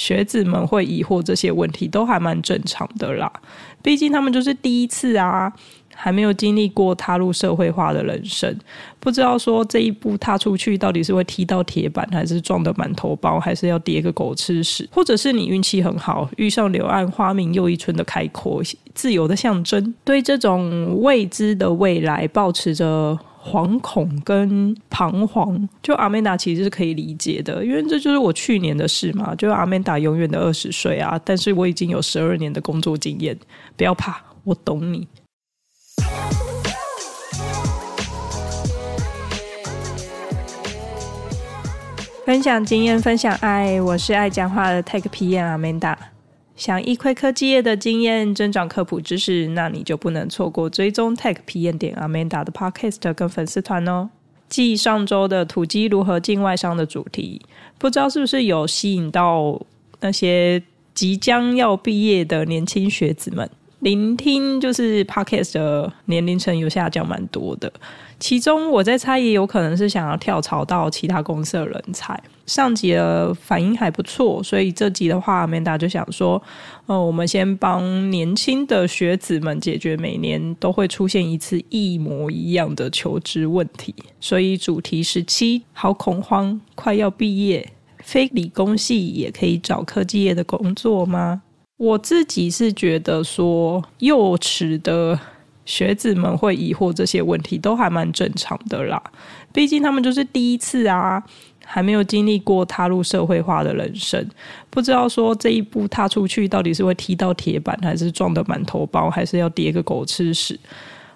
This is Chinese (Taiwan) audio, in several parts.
學子們會疑惑這些問題，都還蠻正常的啦。畢竟他們就是第一次啊，還沒有經歷過踏入社會化的人生，不知道說這一步踏出去到底是會踢到鐵板，還是撞得滿頭包，還是要跌個狗吃屎。或者是你運氣很好，遇上柳暗花明又一村的開闊、自由的象徵，對這種未知的未來保持着。惶恐跟彷徨，就 Amanda 其實是可以理解的，因為這就是我去年的事嘛。就 Amanda 永遠的二十歲啊，但是我已經有十二年的工作經驗，不要怕，我懂你。分享經驗，分享愛，我是愛講話的 TechPM Amanda。想一窺科技業的經驗，增長科普知識，那你就不能錯過追蹤 Tech 體驗點阿 d 達的 Podcast 跟粉絲團哦。繼上周的“土雞如何進外商”的主題，不知道是不是有吸引到那些即將要畢業的年輕學子們？聆聽就是 Podcast 的年齡層有下降蠻多的，其中我在猜也有可能是想要跳槽到其他公司的人才。上集的反應還不錯，所以這集的話，Amanda 就想說，呃，我們先幫年輕的學子們解決每年都會出現一次一模一樣的求職問題。所以主題十七，好恐慌，快要畢業，非理工系也可以找科技業的工作嗎？我自己是覺得說，幼齒的學子們會疑惑這些問題，都還蠻正常的啦。畢竟他們就是第一次啊，還沒有經歷過踏入社會化的人生，不知道說這一步踏出去到底是會踢到鐵板，還是撞得滿頭包，還是要跌個狗吃屎，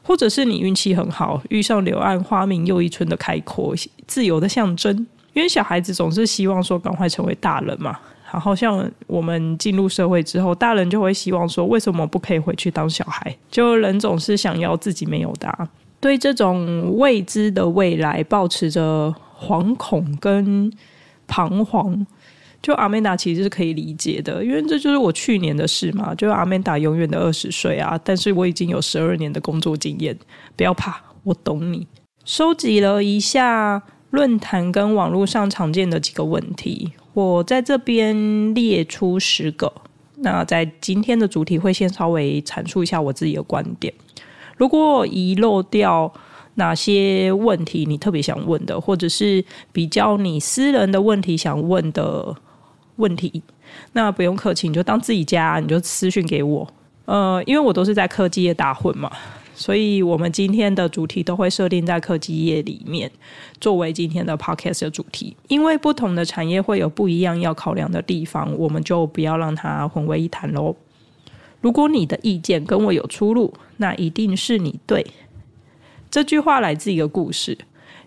或者是你運氣很好，遇上柳暗花明又一村的開闊、自由的象徵。因為小孩子總是希望說，趕快成為大人嘛。然後，像我們進入社會之後，大人就會希望說：“為什麼不可以回去當小孩？”就人總是想要自己沒有的、啊，對這種未知的未來，抱持著惶恐跟彷徨。就 Amanda 其實是可以理解的，因為這就是我去年的事嘛。就 Amanda 永遠的二十歲啊，但是我已經有十二年的工作經驗。不要怕，我懂你。收集了一下論壇跟網絡上常見的幾個問題。我在這邊列出十個。那在今天的主題會先稍微闡述一下我自己的觀點。如果遺漏掉哪些問題你特別想問的，或者是比較你私人的問題想問的問題，那不用客氣，你就當自己家，你就私訊給我。呃，因為我都是在科技業打混嘛。所以，我們今天的主題都會設定在科技業裡面，作為今天的 podcast 的主題。因為不同的產業會有不一樣要考量的地方，我們就不要讓它混為一談嘍。如果你的意見跟我有出入，那一定是你對。這句話來自一個故事，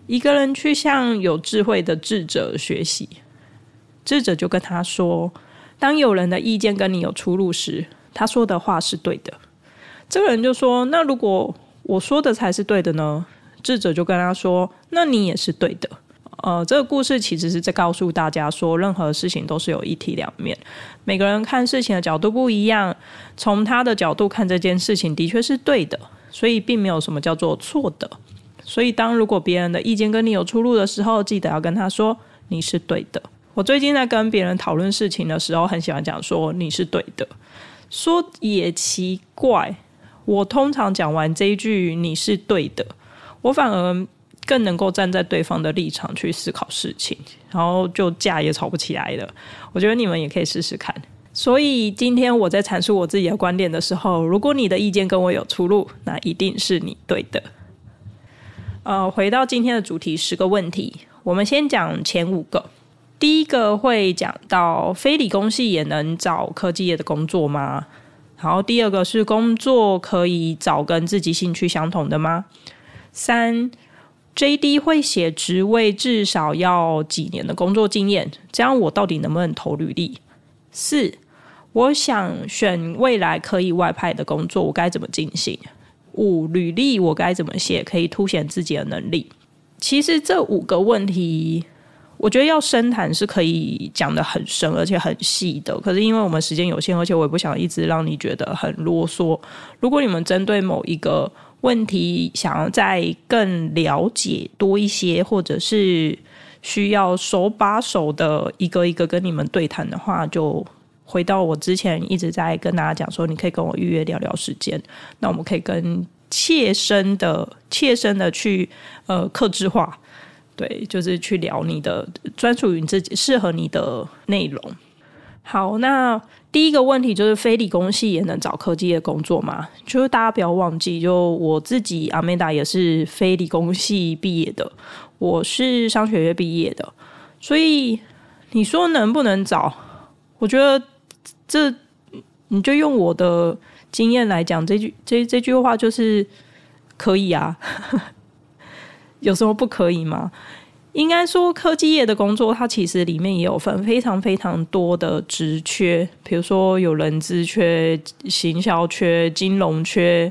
一個人去向有智慧的智者學習，智者就跟他說，當有人的意見跟你有出入時，他說的話是對的。這個人就說：“那如果我說的才是對的呢？”智者就跟他說：“那你也是對的。”呃，這個故事其實是在告訴大家說，任何事情都是有一體兩面，每個人看事情的角度不一樣，從他的角度看這件事情的確是對的，所以並沒有什麼叫做錯的。所以當如果別人的意見跟你有出入的時候，記得要跟他說你是對的。我最近在跟別人討論事情的時候，很喜歡講說你是對的。說也奇怪。我通常講完這一句，你是對的，我反而更能夠站在對方的立場去思考事情，然後就架也吵不起來了。我覺得你們也可以試試看。所以今天我在闡述我自己的觀點的時候，如果你的意見跟我有出入，那一定是你對的。呃，回到今天的主題，十個問題，我們先講前五個。第一個會講到非理工系也能找科技業的工作嗎？然後第二個是工作可以找跟自己興趣相同的嗎？三，JD 會寫職位至少要幾年的工作經驗，這樣我到底能不能投履歷？四，我想選未來可以外派的工作，我該怎麼進行？五，履歷我該怎麼寫可以凸顯自己的能力？其實這五個問題。我覺得要深談是可以講得很深，而且很細的。可是因為我們時間有限，而且我也不想一直讓你覺得很囉嗦。如果你們針對某一個問題，想要再更了解多一些，或者是需要手把手的一個一個跟你們對談的話，就回到我之前一直在跟大家講說，你可以跟我預約聊聊時間，那我們可以跟切身的、切身的去呃客製化。對，就是去聊你的專屬於自己適合你的內容。好，那第一個問題就是非理工系也能找科技業的工作嗎？就是大家不要忘記，就我自己阿美達也是非理工系畢業的，我是商學院畢業的，所以你說能不能找？我覺得這你就用我的經驗來講，這句這這句話就是可以啊。 有什麼不可以嗎？應該說科技業的工作，它其實裡面也有分非常非常多的職缺，譬如說有人資缺、行銷缺、金融缺、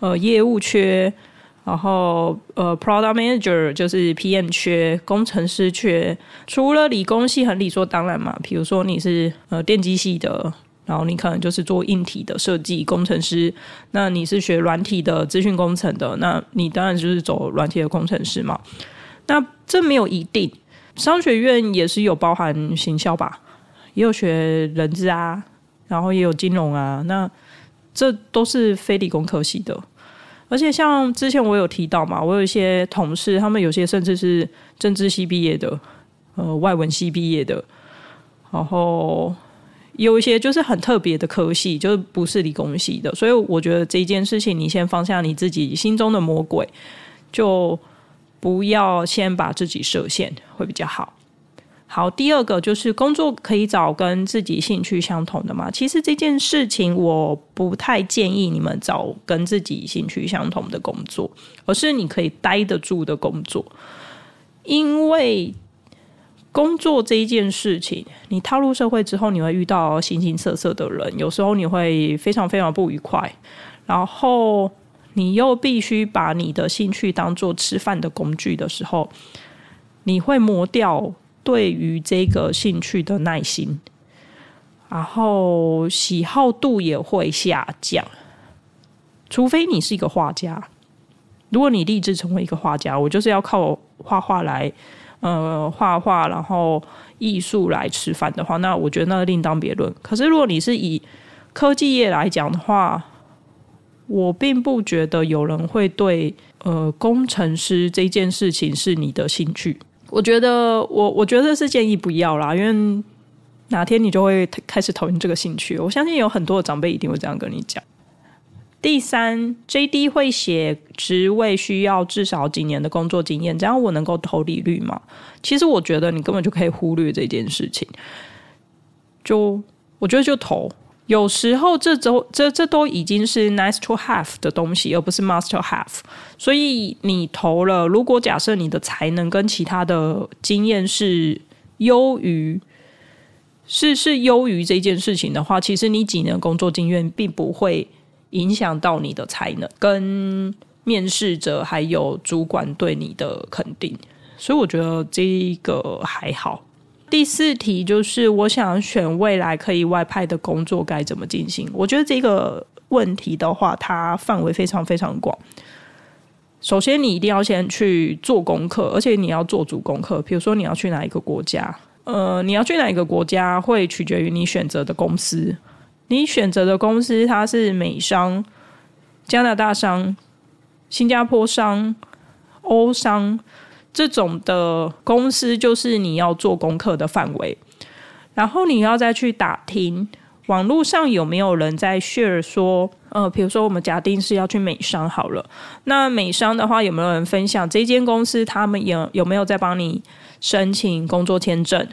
呃業務缺，然後呃 product manager 就是 PM 缺、工程師缺。除了理工系很理所當然嘛，譬如說你是呃電機系的。然後你可能就是做硬體的設計工程師，那你是學軟體的資訊工程的，那你當然就是走軟體的工程師嘛。那這沒有一定，商學院也是有包含行銷吧，也有學人資啊，然後也有金融啊，那這都是非理工科系的。而且像之前我有提到嘛，我有一些同事，他們有些甚至是政治系畢業的，呃，外文系畢業的，然後。有一些就是很特別的科系，就是不是理工系的，所以我覺得這件事情，你先放下你自己心中的魔鬼，就不要先把自己設限，會比較好。好，第二個就是工作可以找跟自己興趣相同的嘛。其實這件事情我不太建議你們找跟自己興趣相同的工作，而是你可以待得住的工作，因為。工作這一件事情，你踏入社會之後，你會遇到形形色色的人，有時候你會非常非常不愉快，然後你又必須把你的興趣當做吃飯的工具的時候，你會磨掉對於這個興趣的耐心，然後喜好度也會下降，除非你是一個畫家。如果你立志成為一個畫家，我就是要靠畫畫來。呃，畫畫，然後藝術來吃飯的話，那我覺得那另當別論。可是如果你是以科技業來講的話，我並不覺得有人會對呃工程師這件事情是你的興趣。我覺得，我我覺得是建議不要啦，因為哪天你就會開始討厭這個興趣。我相信有很多的長輩一定會這樣跟你講。第三，JD 會寫職位需要至少幾年的工作經驗，這樣我能夠投履歷嗎？其實我覺得你根本就可以忽略這件事情。就我覺得就投，有時候這都這這都已經是 nice to have 的東西，而不是 must to have。所以你投了，如果假設你的才能跟其他的經驗是優於，是是優於這件事情的話，其實你幾年工作經驗並不會。影響到你的才能，跟面試者還有主管對你的肯定，所以我覺得這個還好。第四題就是，我想選未來可以外派的工作該怎麼進行？我覺得這個問題的話，它範圍非常非常廣。首先，你一定要先去做功課，而且你要做足功課。比如說，你要去哪一個國家？呃，你要去哪一個國家，會取決於你選擇的公司。你選擇的公司，它是美商、加拿大商、新加坡商、歐商這種的公司，就是你要做功課的範圍。然後你要再去打聽網絡上有沒有人在 share 說，呃，比如說我們假定是要去美商好了，那美商的話有沒有人分享這間公司，他們有有沒有在幫你申請工作簽證？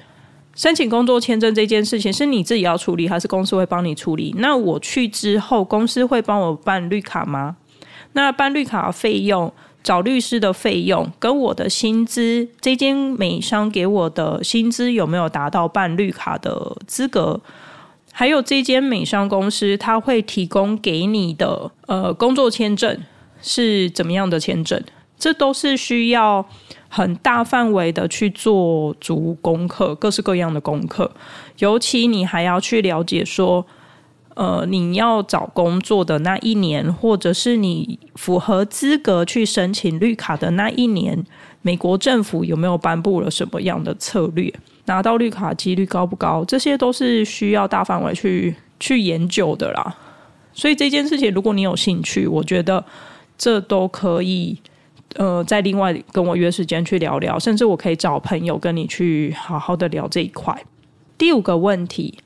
申請工作簽證這件事情是你自己要處理，還是公司會幫你處理？那我去之後，公司會幫我辦綠卡嗎？那辦綠卡費用、找律師的費用跟我的薪資，這間美商給我的薪資有沒有達到辦綠卡的資格？還有這間美商公司，他會提供給你的呃工作簽證是怎麼樣的簽證？這都是需要很大範圍的去做足功課，各式各樣的功課。尤其你還要去了解說，呃，你要找工作的那一年，或者是你符合資格去申請綠卡的那一年，美國政府有沒有頒布了什麼樣的策略？拿到綠卡幾率高不高？這些都是需要大範圍去去研究的啦。所以這件事情，如果你有興趣，我覺得這都可以。呃，再另外跟我約時間去聊聊，甚至我可以找朋友跟你去好好的聊這一塊。第五個問題，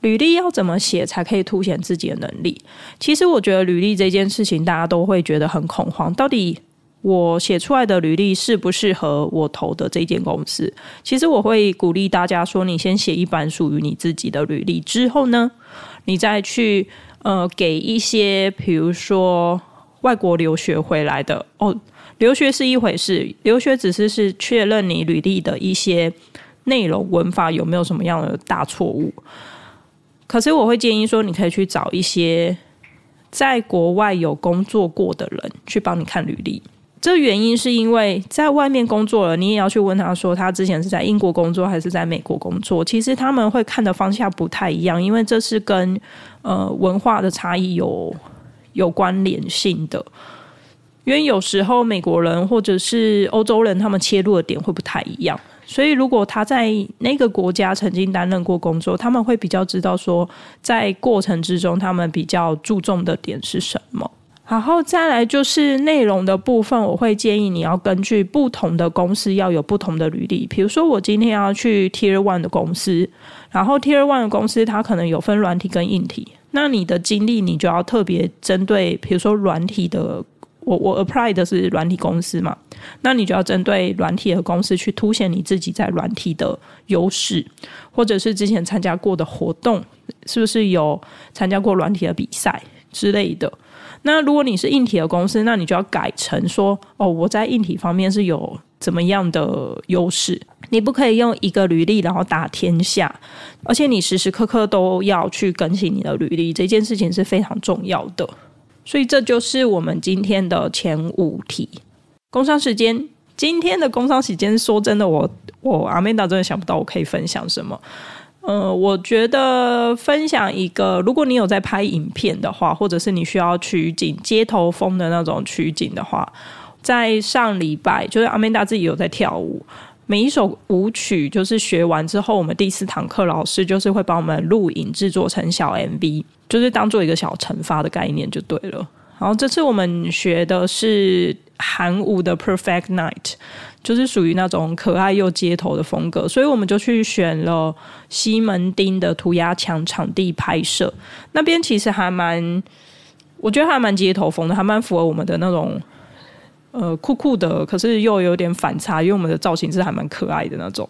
履歷要怎麼寫才可以凸顯自己的能力？其實我覺得履歷這件事情，大家都會覺得很恐慌。到底我寫出來的履歷適不適合我投的這間公司？其實我會鼓勵大家說，你先寫一版屬於你自己的履歷，之後呢，你再去呃給一些比如說外國留學回來的哦。留學是一回事，留學只是是確認你履歷的一些內容、文法有沒有什麼樣的大錯誤。可是我會建議說，你可以去找一些在國外有工作過的人去幫你看履歷。這原因是因為在外面工作了，你也要去問他說，他之前是在英國工作還是在美國工作。其實他們會看的方向不太一樣，因為這是跟呃文化的差異有有關聯性的。因為有時候美國人，或者是歐洲人，他們切入的點會不太一樣，所以如果他在那個國家曾經擔任過工作，他們會比較知道說，在過程之中他們比較注重的點是什麼。然後再來就是內容的部分，我會建議你要根據不同的公司要有不同的履歷。比如說我今天要去 Tier One 的公司，然後 Tier One 的公司它可能有分軟體跟硬體，那你的經歷你就要特別針對，比如說軟體的。我我 apply 的是軟體公司嘛，那你就要針對軟體的公司去凸顯你自己在軟體的優勢，或者是之前參加過的活動，是不是有參加過軟體的比賽之類的？那如果你是硬體的公司，那你就要改成說，哦，我在硬體方面是有怎麼樣的優勢？你不可以用一個履歷然後打天下，而且你時時刻刻都要去更新你的履歷，這件事情是非常重要的。所以這就是我們今天的前五題。工商時間，今天的工商時間，說真的，我我阿曼達真的想不到我可以分享什麼。呃，我覺得分享一個，如果你有在拍影片的話，或者是你需要取景街頭風的那種取景的話，在上禮拜就是阿曼達自己有在跳舞，每一首舞曲就是學完之後，我們第四堂課老師就是會幫我們錄影製作成小 MV。就是當做一個小懲罰的概念就對了。然後這次我們學的是韓舞的 Perfect Night，就是屬於那種可愛又街頭的風格，所以我們就去選了西門町的塗鴉牆場地拍攝。那邊其實還蠻，我覺得還蠻街頭風的，還蠻符合我們的那種，呃，酷酷的，可是又有點反差，因為我們的造型是還蠻可愛的那種。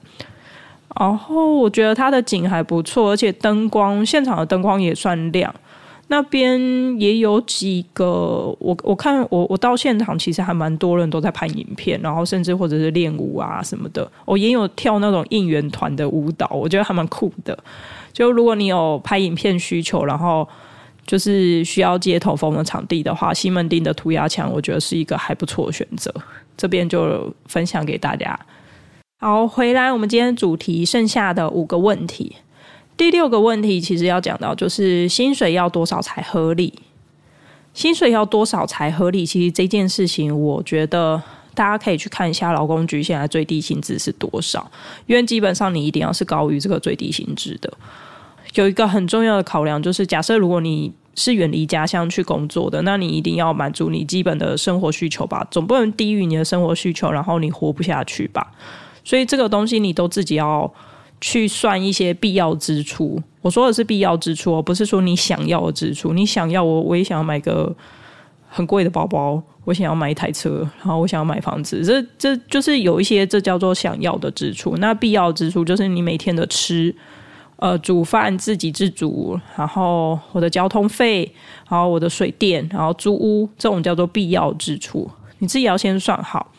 然後我覺得它的景還不錯，而且燈光現場的燈光也算亮。那邊也有幾個，我我看我我到現場其實還蠻多人都在拍影片，然後甚至或者是練舞啊什麼的。我、哦、也有跳那種應援團的舞蹈，我覺得還蠻酷的。就如果你有拍影片需求，然後就是需要街頭風的場地的話，西門町的塗鴉牆我覺得是一個還不錯的選擇。這邊就分享給大家。好，回來我們今天主題剩下的五個問題。第六個問題其實要講到就是薪水要多少才合理？薪水要多少才合理？其實這件事情，我覺得大家可以去看一下勞工局現在最低薪資是多少，因為基本上你一定要是高於這個最低薪資的。有一個很重要的考量就是，假設如果你是遠離家鄉去工作的，那你一定要滿足你基本的生活需求吧，總不能低於你的生活需求，然後你活不下去吧？所以這個東西你都自己要去算一些必要支出。我說的是必要支出哦，不是說你想要的支出。你想要我，我也想要買個很貴的包包，我想要買一台車，然後我想要買房子。這這就是有一些這叫做想要的支出。那必要支出就是你每天的吃，呃，煮飯自給自足，然後我的交通費，然後我的水電，然後租屋，這種叫做必要支出，你自己要先算好。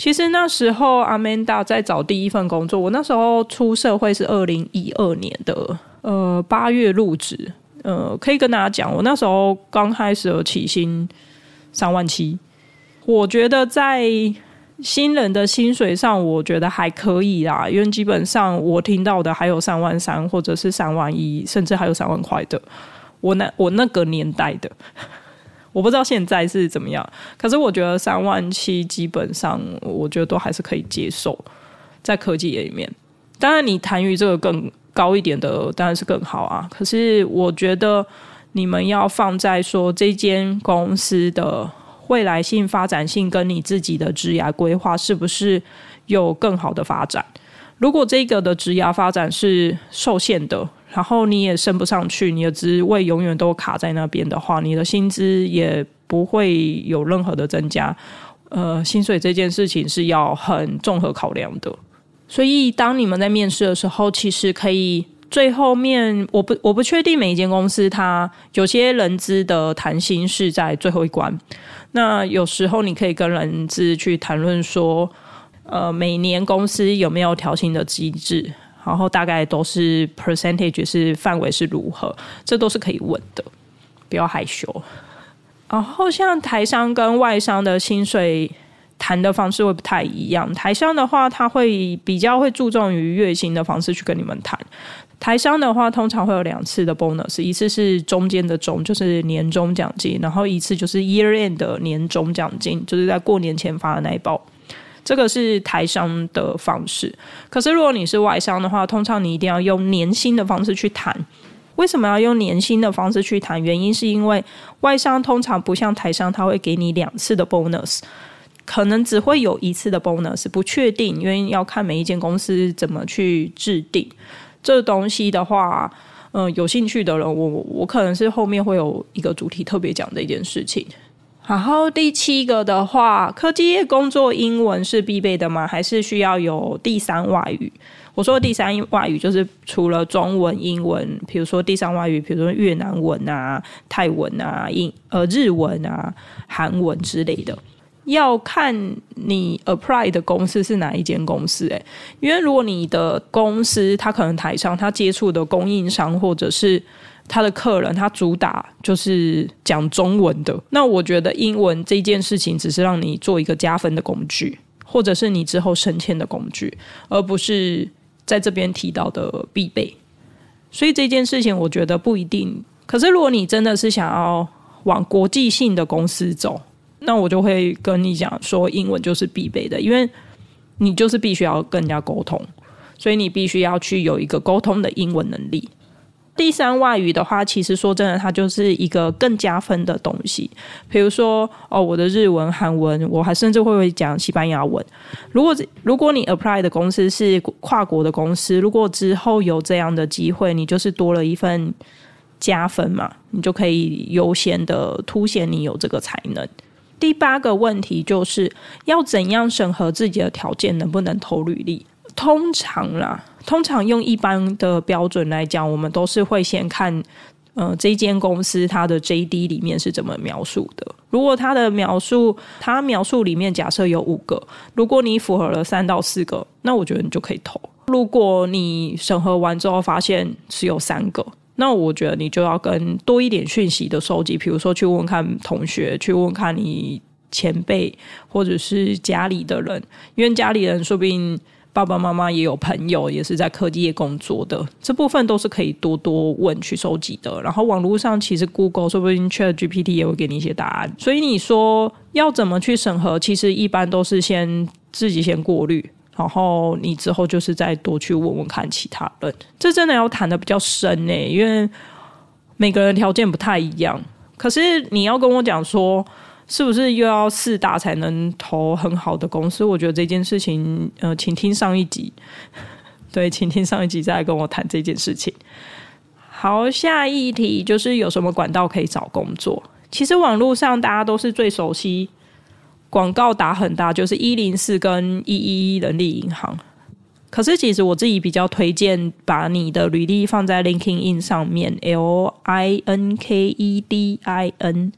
其實那時候 Amanda 在找第一份工作。我那時候出社會是二零一二年的，呃，八月入職。呃，可以跟大家講，我那時候剛開始有起薪三萬七，我覺得在新人的薪水上，我覺得還可以啦，因為基本上我聽到的還有三萬三，或者是三萬一，甚至還有三萬塊的，我那我那個年代的。我不知道現在是怎麼樣，可是我覺得三萬七基本上，我覺得都還是可以接受，在科技業裡面。當然，你談於這個更高一點的當然是更好啊。可是我覺得你們要放在說這間公司的未來性、發展性，跟你自己的職涯規劃是不是有更好的發展？如果這個的職涯發展是受限的，然後你也升不上去，你的職位永遠都卡在那邊的話，你的薪資也不會有任何的增加。呃，薪水這件事情是要很綜合考量的，所以當你們在面試的時候，其實可以最後面，我不我不確定每一間公司它有些人資的談薪是在最後一關。那有時候你可以跟人資去談論說，呃，每年公司有沒有調薪的機制？然後大概都是 percentage 是範圍是如何，這都是可以問的，不要害羞。然後像台商跟外商的薪水談的方式會不太一樣，台商的話他會比較會注重於月薪的方式去跟你們談。台商的話通常會有兩次的 bonus，一次是中間的中就是年中獎金，然後一次就是 year end 的年終獎金，就是在過年前發的那一包。這個是台商的方式，可是如果你是外商的話，通常你一定要用年薪的方式去談。為什麼要用年薪的方式去談？原因是因為外商通常不像台商，他會給你兩次的 bonus，可能只會有一次的 bonus，不確定，因為要看每一間公司怎麼去制定這東西的話。嗯、呃，有興趣的人，我我可能是後面會有一個主題特別講的一件事情。然後第七個的話，科技業工作英文是必備的嗎？還是需要有第三外語？我說的第三外語就是除了中文、英文，比如說第三外語，比如說越南文啊、泰文啊、英呃日文啊、韓文之類的，要看你 apply 的公司是哪一間公司、欸。因為如果你的公司，他可能台商他接觸的供應商或者是。他的客人，他主打就是講中文的。那我覺得英文這件事情，只是讓你做一個加分的工具，或者是你之後升遷的工具，而不是在這邊提到的必備。所以這件事情，我覺得不一定。可是如果你真的是想要往國際性的公司走，那我就會跟你講說，英文就是必備的，因為你就是必須要跟人家溝通，所以你必須要去有一個溝通的英文能力。第三外語的話，其實說真的，它就是一個更加分的東西。比如說，哦，我的日文、韓文，我還甚至會講西班牙文。如果如果你 apply 的公司是跨國的公司，如果之後有這樣的機會，你就是多了一份加分嘛，你就可以優先的凸顯你有這個才能。第八個問題就是要怎樣審核自己的條件，能不能投履歷？通常啦，通常用一般的標準來講，我們都是會先看，呃，這間公司它的 JD 裡面是怎麼描述的。如果它的描述，它描述裡面假設有五個，如果你符合了三到四個，那我覺得你就可以投。如果你審核完之後發現只有三個，那我覺得你就要跟多一點訊息的收集，比如說去問問看同學，去問問看你前輩或者是家裡的人，因為家裡人說不定。爸爸媽媽也有朋友，也是在科技業工作的，這部分都是可以多多問去收集的。然後網絡上其實 Google 說不定 ChatGPT 也會給你一些答案。所以你說要怎麼去審核，其實一般都是先自己先過濾，然後你之後就是再多去問問看其他人。這真的要談得比較深呢、欸，因為每個人條件不太一樣。可是你要跟我講說。是不是又要四大才能投很好的公司？我覺得這件事情，呃，請聽上一集。對，請聽上一集再來跟我談這件事情。好，下一題就是有什麼管道可以找工作？其實網絡上大家都是最熟悉，廣告打很大，就是一零四跟一一一人力銀行。可是其實我自己比較推薦，把你的履歷放在 LinkedIn 上面，L I N K E D I N。K e D I n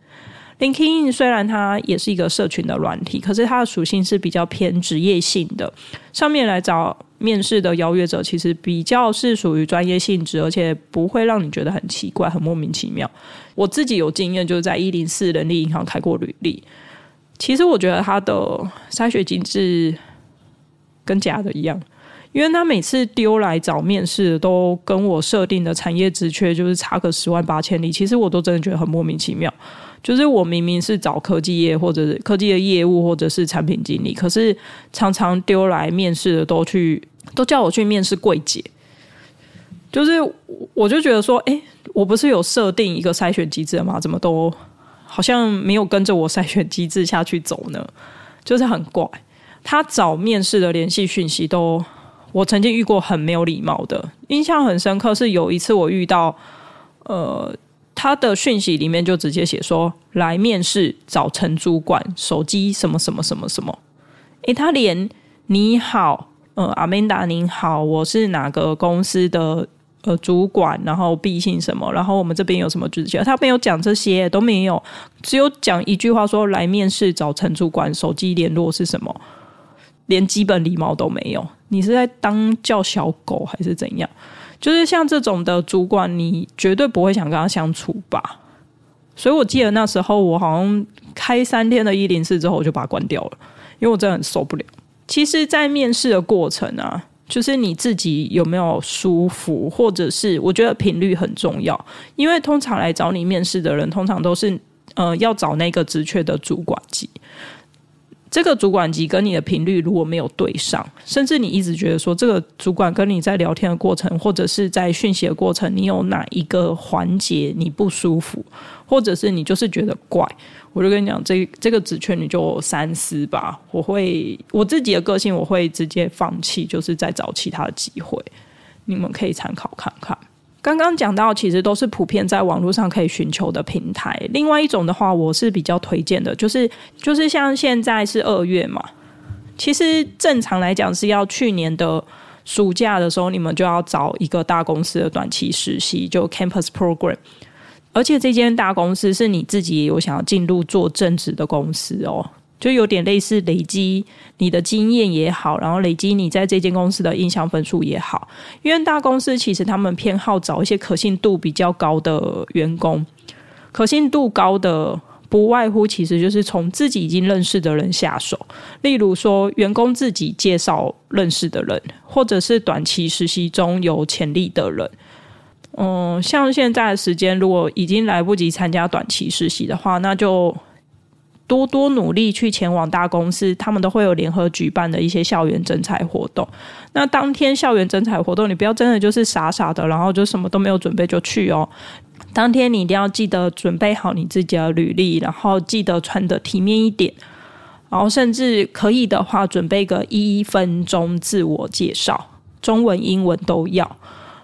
LinkedIn 雖然它也是一個社群的軟體，可是它的屬性是比較偏職業性的。上面來找面試的邀約者，其實比較是屬於專業性質，而且不會讓你覺得很奇怪、很莫名其妙。我自己有經驗，就是在一零四人力銀行開過履歷。其實我覺得它的篩選機制跟假的一樣，因為他每次丟來找面試，都跟我設定的產業職缺就是差個十萬八千里。其實我都真的覺得很莫名其妙。就是我明明是找科技業或者是科技的業務或者是產品經理，可是常常丟來面試的都去都叫我去面試櫃姐，就是我就覺得說，哎，我不是有設定一個篩選機制嗎？怎麼都好像沒有跟着我篩選機制下去走呢？就是很怪。他找面試的聯繫訊息都，我曾經遇過很沒有禮貌的，印象很深刻。是有一次我遇到，呃。他的訊息裡面就直接寫說，來面試找陳主管，手機什麼什麼什麼什麼。哎、欸，他連你好，呃，Amanda 您好，我是哪個公司的呃主管，然後 B 姓什麼，然後我們這邊有什麼職級，他沒有講這些都沒有，只有講一句話說，來面試找陳主管，手機聯絡是什麼，連基本禮貌都沒有。你是在當叫小狗還是怎樣？就是像這種的主管，你絕對不會想跟他相處吧？所以我記得那時候，我好像開三天的一零四之後，我就把它關掉了，因為我真的很受不了。其實，在面試的過程啊，就是你自己有沒有舒服，或者是我覺得頻率很重要，因為通常來找你面試的人，通常都是呃要找那個職缺的主管級。這個主管級跟你的頻率如果沒有對上，甚至你一直覺得說這個主管跟你在聊天的過程，或者是在訊息的過程，你有哪一個環節你不舒服，或者是你就是覺得怪，我就跟你講，這這個職缺你就三思吧。我會我自己的個性，我會直接放棄，就是再找其他的機會。你們可以參考看看。剛剛講到，其實都是普遍在網絡上可以尋求的平台。另外一種的話，我是比較推薦的，就是就是像現在是二月嘛，其實正常來講是要去年的暑假的時候，你們就要找一個大公司的短期實習，就 Campus Program。而且這間大公司是你自己有想要進入做正職的公司哦。就有點類似累積你的經驗也好，然後累積你在這間公司的印象分數也好。因為大公司其實他們偏好找一些可信度比較高的員工，可信度高的不外乎其實就是從自己已經認識的人下手，例如說員工自己介紹認識的人，或者是短期實習中有潛力的人。嗯，像現在的時間如果已經來不及參加短期實習的話，那就……多多努力去前往大公司，他們都會有聯合舉辦的一些校園徵才活動。那當天校園徵才活動，你不要真的就是傻傻的，然後就什麼都沒有準備就去哦。當天你一定要記得準備好你自己的履歷，然後記得穿得體面一點，然後甚至可以的話準備個一分鐘自我介紹，中文、英文都要。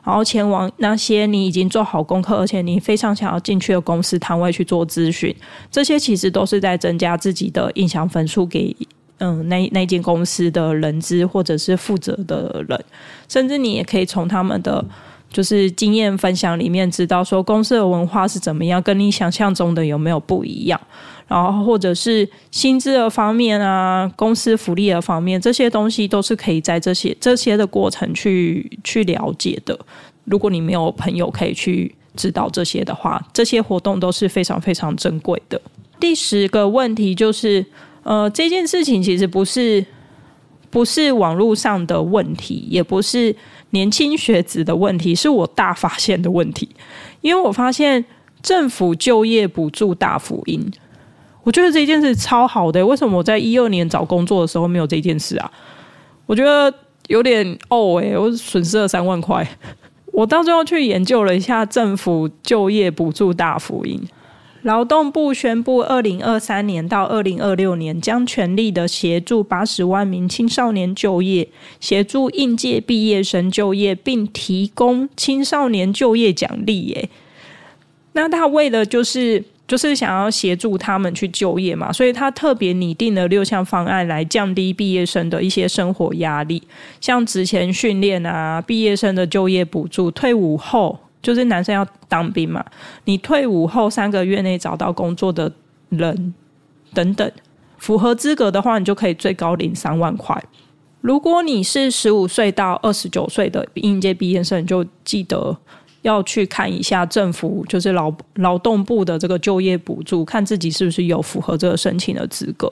然後前往那些你已經做好功課，而且你非常想要進去的公司攤位去做諮詢，這些其實都是在增加自己的印象分數給嗯、呃、那那間公司的人資或者是負責的人，甚至你也可以從他們的就是經驗分享裡面知道說公司的文化是怎麼樣，跟你想象中的有沒有不一樣。然後，或者是薪資的方面啊，公司福利的方面，這些東西都是可以在這些這些的過程去去了解的。如果你沒有朋友可以去知道這些的話，這些活動都是非常非常珍貴的。第十個問題就是，呃，這件事情其實不是不是網絡上的問題，也不是年輕學子的問題，是我大發現的問題，因為我發現政府就業補助大福音。我覺得這件事超好的，為什麼我在一二年找工作的時候沒有這件事啊？我覺得有點哦哎，我損失了三萬塊。我到最後去研究了一下政府就業補助大福音，勞動部宣布，二零二三年到二零二六年將全力的協助八十萬名青少年就業，協助應屆畢業生就業，並提供青少年就業獎勵。哎，那他為了就是。就是想要協助他們去就業嘛，所以他特別擬定了六項方案來降低畢業生的一些生活壓力，像職前訓練啊、畢業生的就業補助、退伍後就是男生要當兵嘛，你退伍後三個月內找到工作的人等等，符合資格的話，你就可以最高領三萬塊。如果你是十五歲到二十九歲的應屆畢業生，你就記得。要去看一下政府，就是勞勞動部的這個就業補助，看自己是不是有符合這個申請的資格。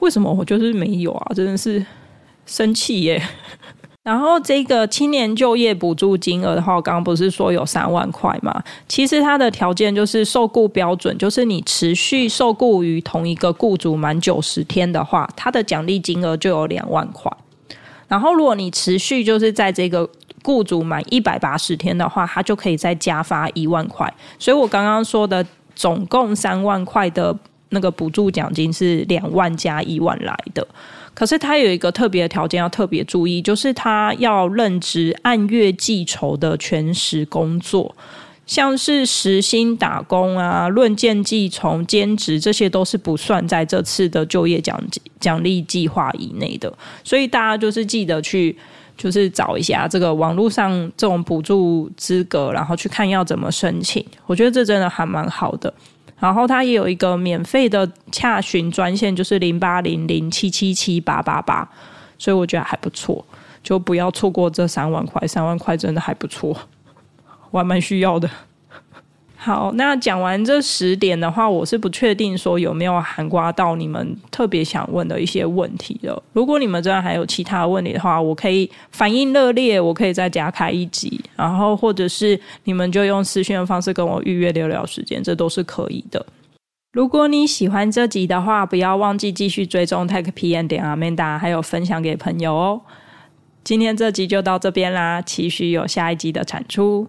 為什麼？我就是沒有啊，真的是生氣耶、欸！ 然後這個青年就業補助金額的話，我剛剛不是說有三萬塊嘛？其實它的條件就是受僱標準，就是你持續受僱於同一個僱主滿九十天的話，它的獎勵金額就有兩萬塊。然後如果你持續就是在這個雇主滿一百八十天的話，他就可以再加發一萬塊。所以我剛剛說的總共三萬塊的那個補助獎金是兩萬加一萬來的。可是他有一個特別的條件要特別注意，就是他要任職按月計酬的全時工作，像是時薪打工啊、論件計酬兼職，這些都是不算在這次的就業獎獎勵計劃以內的。所以大家就是記得去。就是找一下這個網絡上這種補助資格，然後去看要怎麼申請。我覺得這真的還蠻好的。然後它也有一個免費的洽詢專線，就是零八零零七七七八八八，8，所以我覺得還不錯，就不要錯過這三萬塊。三萬塊真的還不錯，我還蠻需要的。好，那講完這十點的話，我是不確定說有沒有涵蓋到你們特別想問的一些問題了。如果你們這邊還有其他問題的話，我可以反應熱烈，我可以再加開一集，然後或者是你們就用私訊的方式跟我預約聊聊時間，這都是可以的。如果你喜歡這集的話，不要忘記繼續追蹤 techpm.amanda，還有分享給朋友哦。今天這集就到這邊啦，期許有下一集的產出。